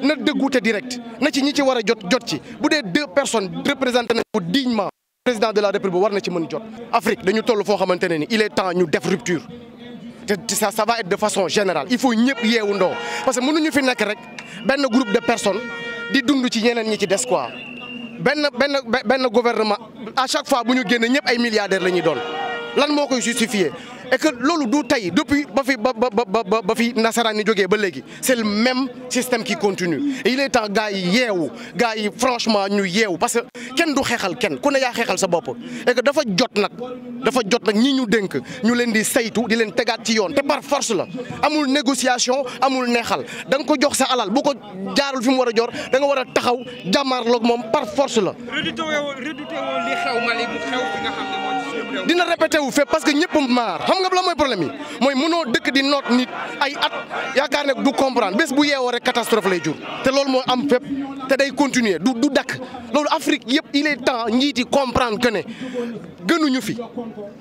na dëggu direct na ci ñi ci wara jot jot ci boudé deux personnes représenté nañ ko dignement président de la république war na ci mën jot. Afrique dañu tollu fo xamante ni il est temps ñu def rupture ça ça va être de façon générale il faut ñëpp yeewu ndoo parce que mënuñu fi nekk rek benn groupe de personnes di dund ci ñeneen ñi ci des quoi ben ben ben gouvernement à chaque fois buñu génné génn ay milliardaires lañuy doon lan mo koy justifier et que lolu du depuis ba fi ba c'est le même système qui continue et il est temps gars yi franchement ñu parce que kenn du xéxal kenn ku ne ya xéxal sa bop et que dafa jot nak, dafa jot nak ñi ñu ñu di saytu di par force la amul négociation amul ko jox sa alal bu ko jaarul fi mu jor da nga par force la. dina répété wu fépp parce que ñëpp maar xam nga la mooy problème yi mooy mënoo dëkk di noot nit ay at yaakaar ne du comprendre bés bu yeewoo rek catastrophe lay jur. te loolu mooy am fépp te day continuer du du dakk loolu Afrique yëpp il est temps njiiti comprendre que ne gënuñu fi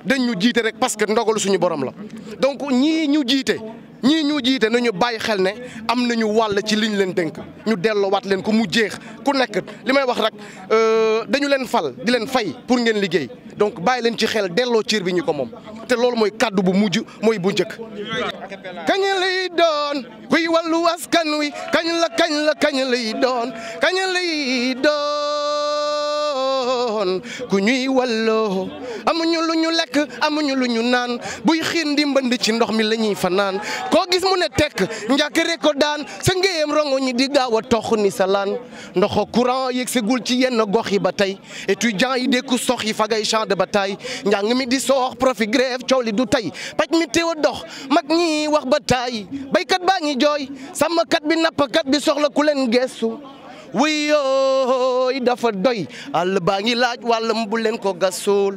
dañ ñu jiite rek parce que ndogalu suñu borom la donc ñii ñu jiite. ñii ñu jiite nañu bàyyi xel ne am nañu wàll ci liñ leen dénk ñu delloowaat leen ko mu jeex ku nekk li may wax rek euh, dañu leen fal di leen fay pour ngeen liggéey donc bàyyi leen ci xel delloo cir bi ñu ko moom te loolu mooy kàddu bu mujj mooy bu njëkk. kañ la doon kuy wàllu askan wi kañ la kañ la kañ lay doon kañ lay doon. doon ku ñuy walloo amuñu lu ñu lekk amuñu lu ñu naan buy xiin di ci ndox mi la ñuy fanaan koo gis mu ne tekk njàkkare ko daan sa ngéyeem rongo ñi di gaaw a tox ni sa laan ndoxo courant yëgsegul ci yenn gox yi ba tey étudiants yi dékku sox yi fagay champ ba bataille njàng mi di soox profit grève coow li du tey paj mi téew a dox mag ñi wax ba taay baykat baa ngi jooy sàmmkat bi nappkat bi soxla ku leen geesu wiyooy dafa doy àll baa ngi laaj wàllam bu leen ko gasul